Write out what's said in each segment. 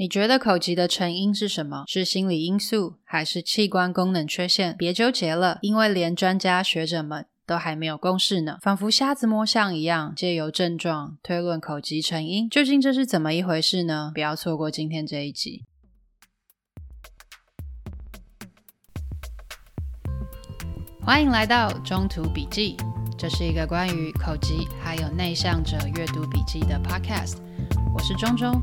你覺得口吃的成因是什麼？是心理因素還是器官功能缺陷？別糾結了，因為連專家學者們都還沒有共識呢，仿佛瞎子摸象一樣，借由症狀推論口吃成因。究竟這是怎麼一回事呢？不要錯過今天這一集。歡迎來到中途筆記，這是一個關於口吃還有內向者閱讀筆記的 podcast，我是中中。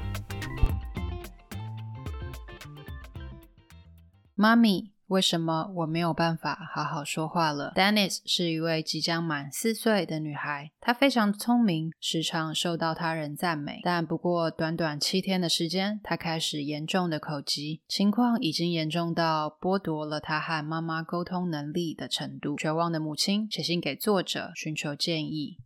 媽咪，為什麼我沒有辦法好好說話了？Dennis 是一位即將滿四歲的女孩，她非常聰明，時常受到他人讚美。但不過短短七天的時間，她開始嚴重的口吃，情況已經嚴重到剝奪了她和媽媽溝通能力的程度。絕望的母親寫信給作者尋求建議。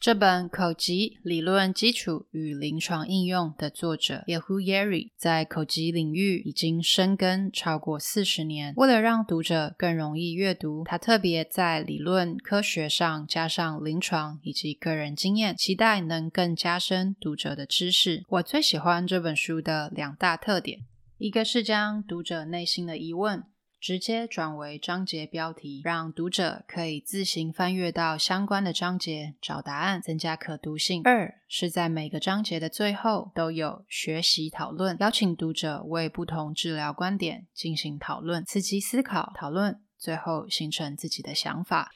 這本《口吃理論基礎與臨床應用》的作者 Yehu Yeri 在口吃領域已經深耕超過四十年。為了讓讀者更容易閱讀，他特別在理論科學上加上臨床以及個人經驗，期待能更加深讀者的知識。我最喜歡這本書的兩大特點，一個是將讀者內心的疑問，直接轉為章節標題，讓讀者可以自行翻閱到相關的章節找答案，增加可讀性。二是，在每個章節的最後都有學習討論，邀請讀者為不同治療觀點進行討論、刺激思考、討論，最後形成自己的想法。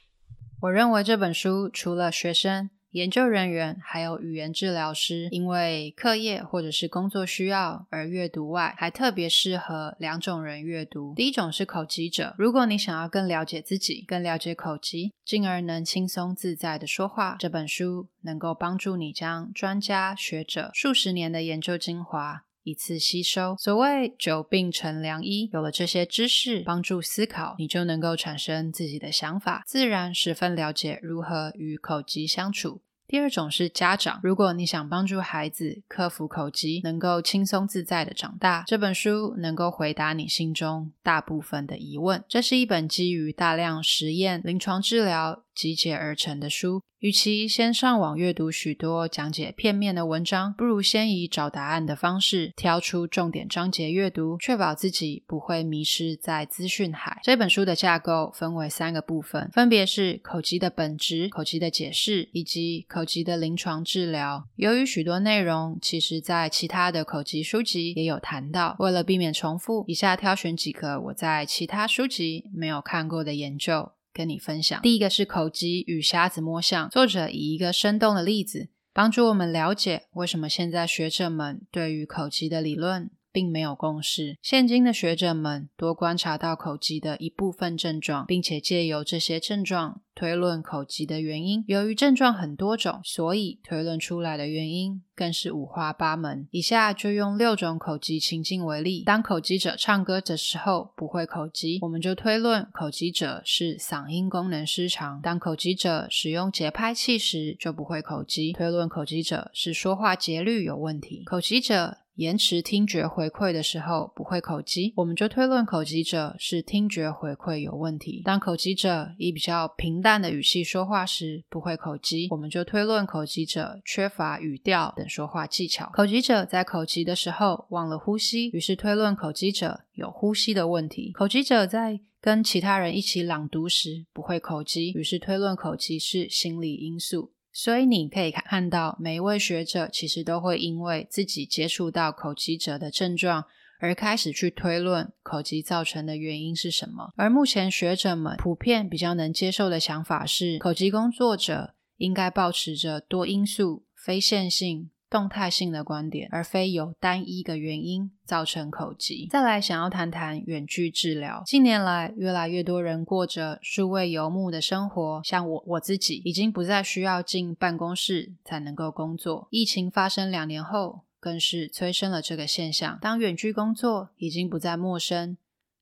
我認為這本書除了學生。研究人員還有語言治療師，因為課業或者是工作需要而閱讀外，還特別適合兩種人閱讀。第一種是口吃者，如果你想要更了解自己，更了解口吃，進而能輕鬆自在地說話，這本書能夠幫助你將專家學者數十年的研究精華一次吸收，所謂久病成良醫，有了這些知識幫助思考，你就能夠產生自己的想法，自然十分了解如何與口吃相處。第二種是家長，如果你想幫助孩子克服口吃，能夠輕鬆自在的長大，這本書能夠回答你心中大部分的疑問。這是一本基於大量實驗臨床治療，集結而成的書，與其先上網閱讀許多講解片面的文章，不如先以找答案的方式挑出重點章節閱讀，確保自己不會迷失在資訊海。這本書的架構分為三個部分，分別是口吃的本質、口吃的解釋，以及口吃的臨床治療。由於許多內容其實在其他的口吃書籍也有談到，為了避免重複，以下挑選幾個我在其他書籍沒有看過的研究。跟你分享，第一個是口吃與瞎子摸象。作者以一個生動的例子，幫助我們了解為什麼現在學者們對於口吃的理論。並沒有共識。現今的學者們多觀察到口吃的一部分症狀，並且借由這些症狀推論口吃的原因。由於症狀很多種，所以推論出來的原因更是五花八門。以下就用六種口吃情境為例：當口吃者唱歌的時候不會口吃，我們就推論口吃者是嗓音功能失常；當口吃者使用節拍器時就不會口吃，推論口吃者是說話節律有問題。口吃者延遲聽覺回饋的時候不會口吃，我們就推論口吃者是聽覺回饋有問題。當口吃者以比較平淡的語氣說話時不會口吃，我們就推論口吃者缺乏語調等說話技巧。口吃者在口吃的時候忘了呼吸，於是推論口吃者有呼吸的問題。口吃者在跟其他人一起朗讀時不會口吃，於是推論口吃是心理因素。所以你可以看看到，每一位學者其實都會因為自己接觸到口吃者的症狀，而開始去推論口吃造成的原因是什麼。而目前學者們普遍比較能接受的想法是，口吃工作者應該抱持著多因素、非線性、動態性的觀點，而非由單一個原因造成口吃。再來，想要談談遠距治療。近年來，越來越多人過着數位游牧的生活，像我，我自己，已經不再需要進辦公室才能夠工作。疫情發生兩年後，更是催生了這個現象。當遠距工作已經不再陌生，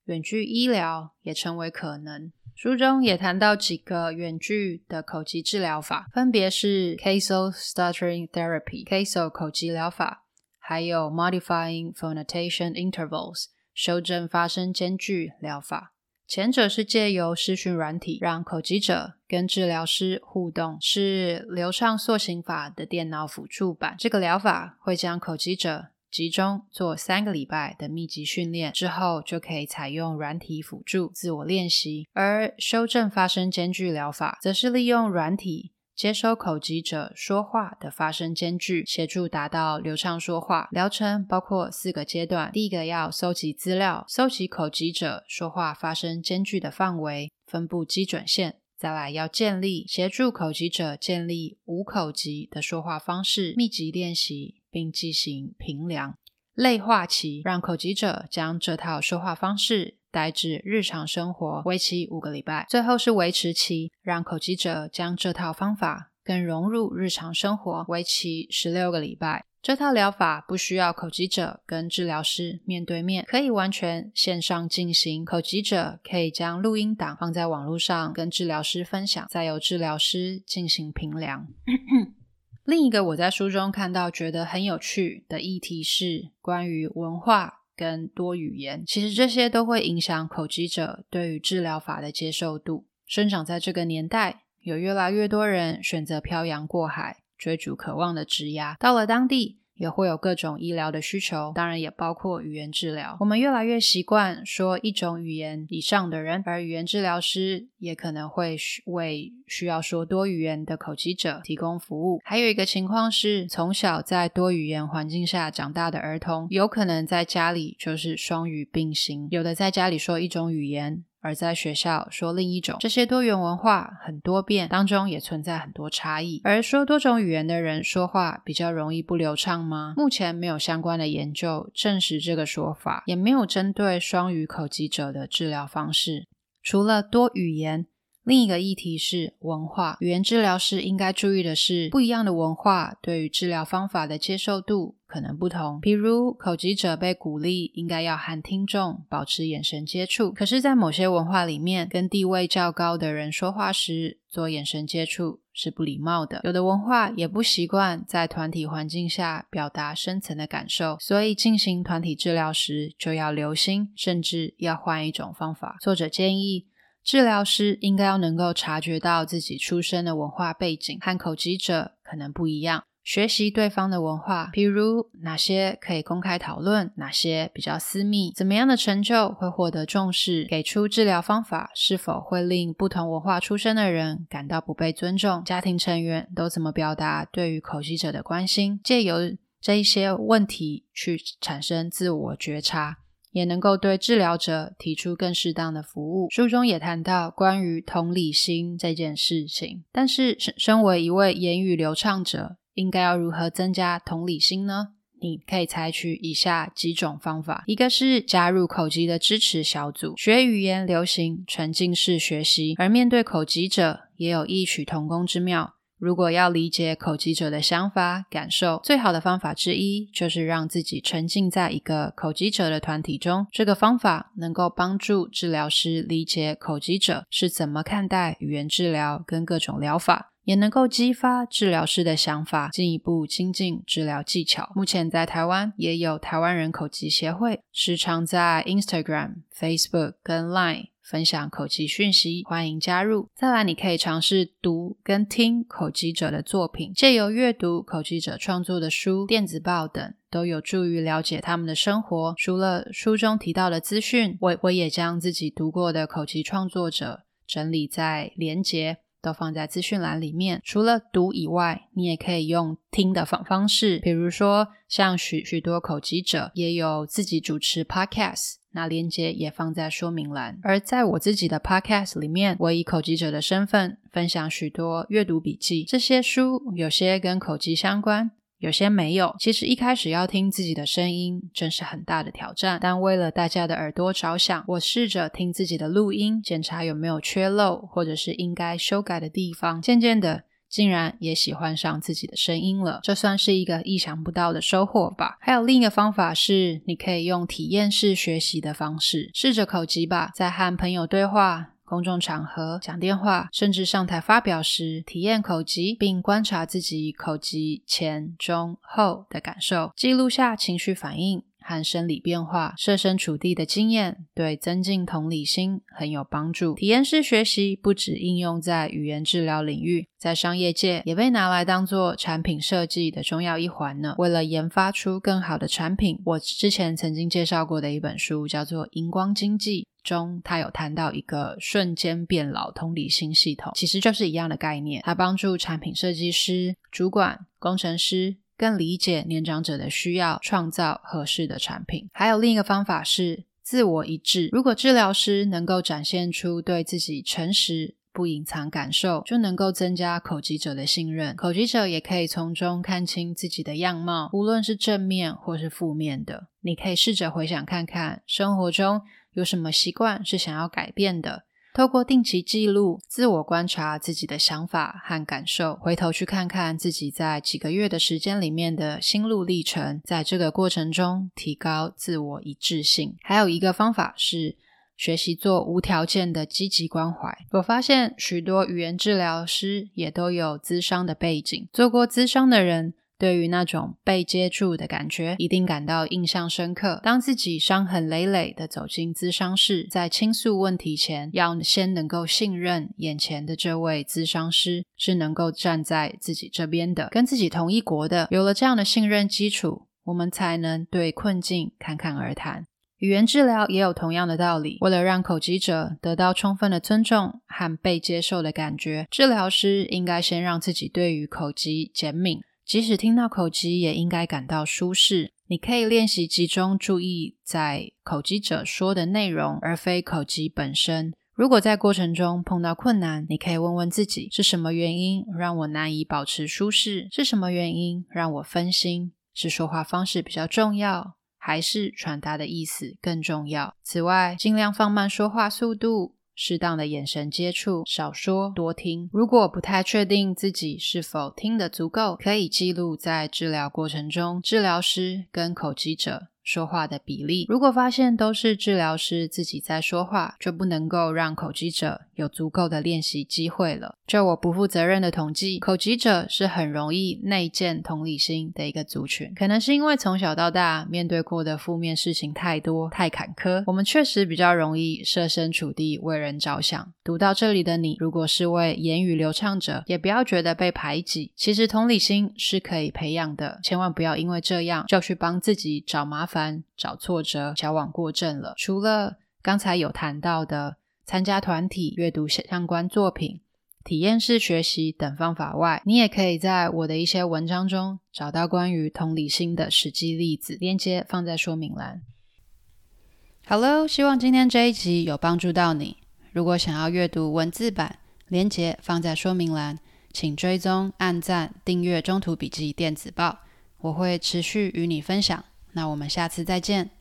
遠距醫療也成為可能。書中也談到幾個遠距的口吃治療法，分別是 Casal Stuttering Therapy（Casal 口吃療法）還有 Modifying Phonation Intervals（ 修正發聲間距療法）。前者是借由視訊軟體讓口吃者跟治療師互動，是流暢塑形法的電腦輔助版。這個療法會將口吃者集中做三個禮拜的密集訓練之後，就可以採用軟體輔助自我練習。而修正發聲間距療法，則是利用軟體接收口疾者說話的發聲間距，協助達到流暢說話。療程包括四個階段：第一個要搜集資料，搜集口疾者說話發聲間距的範圍分布基準線；再來要建立，協助口疾者建立無口疾的說話方式，密集練習。並進行評量、類化期，讓口吃者將這套說話方式帶至日常生活為期五個禮拜；最後是維持期，讓口吃者將這套方法更融入日常生活為期十六個禮拜。這套療法不需要口吃者跟治療師面對面，可以完全線上進行。口吃者可以將錄音檔放在網絡上跟治療師分享，再由治療師進行評量。咳咳另一個我在書中看到覺得很有趣的議題是關於文化跟多語言，其實這些都會影響口吃者對於治療法的接受度。生長在這個年代，有越來越多人選擇漂洋過海，追逐渴望的職涯。到了當地，也會有各種醫療的需求，當然也包括語言治療。我們越來越習慣說一種語言以上的人，而語言治療師也可能會為需要說多語言的口吃者提供服務。還有一個情況是，從小在多語言環境下長大的兒童，有可能在家裡就是雙語並行，有的在家裡說一種語言。而在學校說另一種，這些多元文化很多變，當中也存在很多差異。而說多種語言的人說話比較容易不流暢嗎？目前沒有相關的研究證實這個說法，也沒有針對雙語口吃者的治療方式。除了多語言，另一個議題是文化。語言治療師應該注意的是，不一樣的文化對於治療方法的接受度。可能不同，比如口吃者被鼓勵應該要和聽眾保持眼神接觸，可是，在某些文化裡面，跟地位較高的人說話時做眼神接觸是不禮貌的。有的文化也不習慣在團體環境下表達深層的感受，所以進行團體治療時就要留心，甚至要換一種方法。作者建議，治療師應該要能夠察覺到自己出身的文化背景和口吃者可能不一樣。學習對方的文化，比如哪些可以公開討論，哪些比較私密，怎麼樣的成就會獲得重視，給出治療方法是否會令不同文化出身的人感到不被尊重，家庭成員都怎麼表達對於口吃者的關心，借由這一些問題去產生自我覺察，也能夠對治療者提出更適當的服務。書中也談到關於同理心這件事情，但是身身為一位言語流暢者，應該要如何增加同理心呢？你可以採取以下幾種方法：一個是加入口吃的支持小組，學語言流行沉浸式學習。而面對口吃者，也有異曲同工之妙。如果要理解口吃者的想法感受，最好的方法之一就是讓自己沉浸在一個口吃者的團體中。這個方法能夠幫助治療師理解口吃者是怎麼看待語言治療跟各種療法。也能夠激發治療師的想法，進一步精進治療技巧。目前在台灣也有台灣人口吃協會，時常在 Instagram、Facebook 跟 Line 分享口吃訊息，歡迎加入。再來，你可以嘗試讀跟聽口吃者的作品，借由閱讀口吃者創作的書、電子報等，都有助於了解他們的生活。除了書中提到的資訊，我我也將自己讀過的口吃創作者整理在連結。都放在資訊欄裡面。除了讀以外，你也可以用聽的方方式，比如說像許許多口吃者也有自己主持 podcast，那鏈接也放在說明欄。而在我自己的 podcast 裡面，我以口吃者的身份分享許多閱讀筆記，這些書有些跟口吃相關，有些沒有，其實一開始要聽自己的聲音，真是很大的挑戰。但為了大家的耳朵着想，我試着聽自己的錄音，檢查有沒有缺漏或者是應該修改的地方。漸漸的，竟然也喜歡上自己的聲音了，這算是一個意想不到的收穫吧。還有另一個方法是，你可以用體驗式學習的方式，試着口吃吧，在和朋友對話、公眾場合講電話，甚至上台發表時，體驗口吃，並觀察自己口吃前、中、後的感受，記錄下情緒反應和生理變化，設身處地的經驗對增進同理心很有幫助。體驗式學習不只應用在語言治療領域，在商業界也被拿來當做產品設計的重要一環呢。為了研發出更好的產品，我之前曾經介紹過的一本書叫做《熒光經濟》中，它有談到一個瞬間變老同理心系統，其實就是一樣的概念，它幫助產品設計師、主管、工程師。更理解年長者的需要，創造合適的產品。還有另一個方法是自我一致。如果治療師能夠展現出對自己誠實，不隱藏感受，就能夠增加口吃者的信任。口吃者也可以從中看清自己的樣貌，無論是正面或是負面的。你可以試着回想看看，生活中有什麼習慣是想要改變的。透過定期記錄、自我觀察自己的想法和感受，回頭去看看自己在幾個月的時間裡面的心路歷程，在這個過程中提高自我一致性。還有一個方法是學習做無條件的積極關懷。我發現許多語言治療師也都有諮商的背景，做過諮商的人，對於那種被接住的感覺，一定感到印象深刻。當自己傷痕累累的走進諮商室，在傾訴問題前，要先能夠信任眼前的這位諮商師是能夠站在自己這邊的，跟自己同一國的。有了這樣的信任基礎，我們才能對困境侃侃而談。語言治療也有同樣的道理。為了讓口吃者得到充分的尊重和被接受的感覺，治療師應該先讓自己對於口吃減敏。即使聽到口基，也應該感到舒適。你可以練習集中注意在口基者說的內容，而非口基本身。如果在過程中碰到困難，你可以問問自己，是什麼原因讓我難以保持舒適？是什麼原因讓我分心？是說話方式比較重要，還是傳達的意思更重要？此外，盡量放慢說話速度。適當的眼神接觸，少說多聽。如果不太確定自己是否聽得足夠，可以記錄在治療過程中治療師跟口吃者說話的比例。如果發現都是治療師自己在說話，就不能夠讓口吃者。有足夠的練習機會了。就我不負責任的統計，口吃者是很容易內建同理心的一個族群，可能是因為從小到大面對過的負面事情太多，太坎坷，我們確實比較容易設身處地為人着想。讀到這裡的你，如果是位言語流暢者，也不要覺得被排擠。其實同理心是可以培養的，千萬不要因為這樣就去幫自己找麻煩、找挫折、矯枉過正了。除了剛才有談到的。參加團體、閱讀相關作品、體驗式學習等方法外，你也可以在我的一些文章中找到關於同理心的實際例子，鏈接放在說明欄。Hello，希望今天這一集有幫助到你。如果想要閱讀文字版，鏈接放在說明欄，請追蹤、按贊、訂閱《中途筆記電子報》，我會持續與你分享。那我們下次再見。